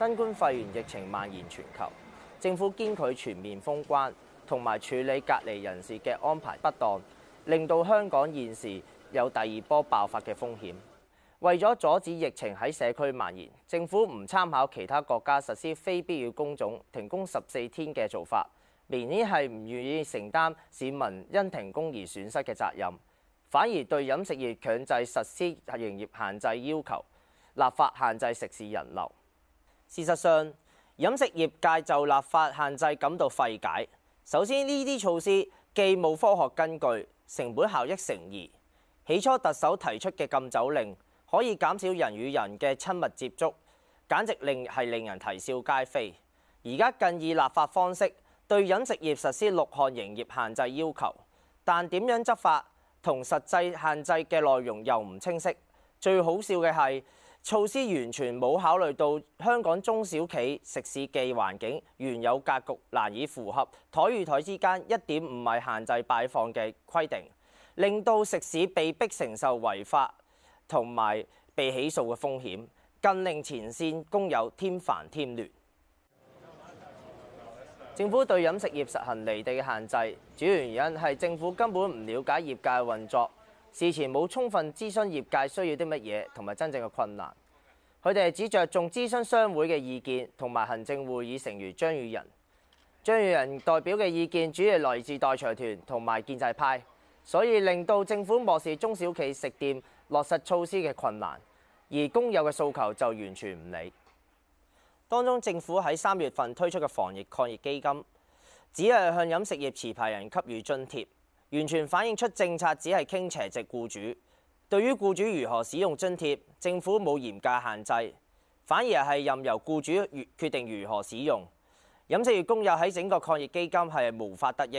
新冠肺炎疫情蔓延全球，政府堅拒全面封關同埋處理隔離人士嘅安排不當，令到香港現時有第二波爆發嘅風險。為咗阻止疫情喺社區蔓延，政府唔參考其他國家實施非必要工種停工十四天嘅做法，明顯係唔願意承擔市民因停工而損失嘅責任，反而對飲食業強制實施營業限制要求，立法限制食肆人流。事實上，飲食業界就立法限制感到費解。首先，呢啲措施既冇科學根據，成本效益成疑。起初特首提出嘅禁酒令可以減少人與人嘅親密接觸，簡直令係令人啼笑皆非。而家更以立法方式對飲食業實施六項營業限制要求，但點樣執法同實際限制嘅內容又唔清晰。最好笑嘅係。措施完全冇考慮到香港中小企食肆嘅環境原有格局難以符合台與台之間一點五米限制擺放嘅規定，令到食肆被逼承受違法同埋被起訴嘅風險，更令前線工友添煩添亂。政府對飲食業實行離地嘅限制，主要原因係政府根本唔了解業界運作。事前冇充分諮詢業界需要啲乜嘢，同埋真正嘅困難。佢哋只着重諮詢商會嘅意見，同埋行政會議成員張宇仁。張宇仁代表嘅意見主要來自代財團同埋建制派，所以令到政府漠視中小企食店落實措施嘅困難，而工友嘅訴求就完全唔理。當中政府喺三月份推出嘅防疫抗疫基金，只係向飲食業持牌人給予津貼。完全反映出政策只係傾斜值雇主，對於雇主如何使用津貼，政府冇嚴格限制，反而係任由雇主決定如何使用。飲食業工友喺整個抗疫基金係無法得益，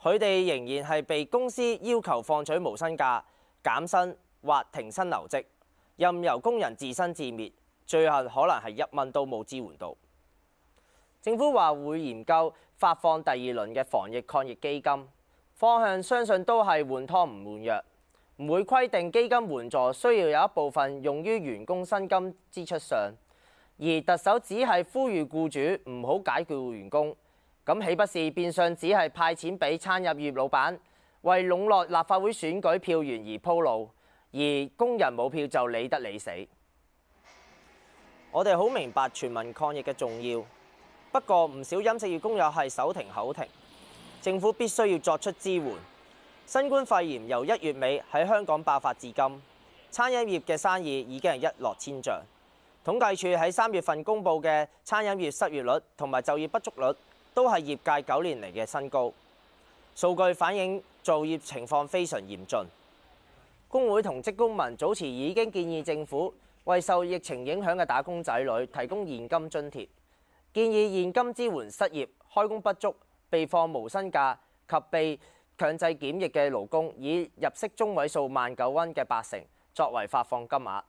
佢哋仍然係被公司要求放取無薪假、減薪或停薪留職，任由工人自生自滅，最後可能係一蚊都冇支援到。政府話會研究發放第二輪嘅防疫抗疫基金。方向相信都係換湯唔換藥，唔會規定基金援助需要有一部分用於員工薪金支出上，而特首只係呼籲雇主唔好解僱員工，咁豈不是變相只係派錢俾餐飲業老闆，為籠絡立法會選舉票源而鋪路，而工人冇票就理得你死。我哋好明白全民抗疫嘅重要，不過唔少飲食業工友係手停口停。政府必須要作出支援。新冠肺炎由一月尾喺香港爆發至今，餐飲業嘅生意已經係一落千丈。統計處喺三月份公佈嘅餐飲業失業率同埋就業不足率，都係業界九年嚟嘅新高。數據反映就業情況非常嚴峻。工會同職工盟早前已經建議政府為受疫情影響嘅打工仔女提供現金津貼，建議現金支援失業、開工不足。被放無薪假及被強制檢疫嘅勞工，以入息中位數萬九蚊嘅八成作為發放金額。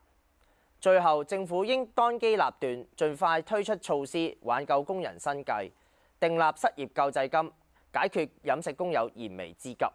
最後，政府應當機立斷，盡快推出措施挽救工人生計，訂立失業救濟金，解決飲食工友燃眉之急。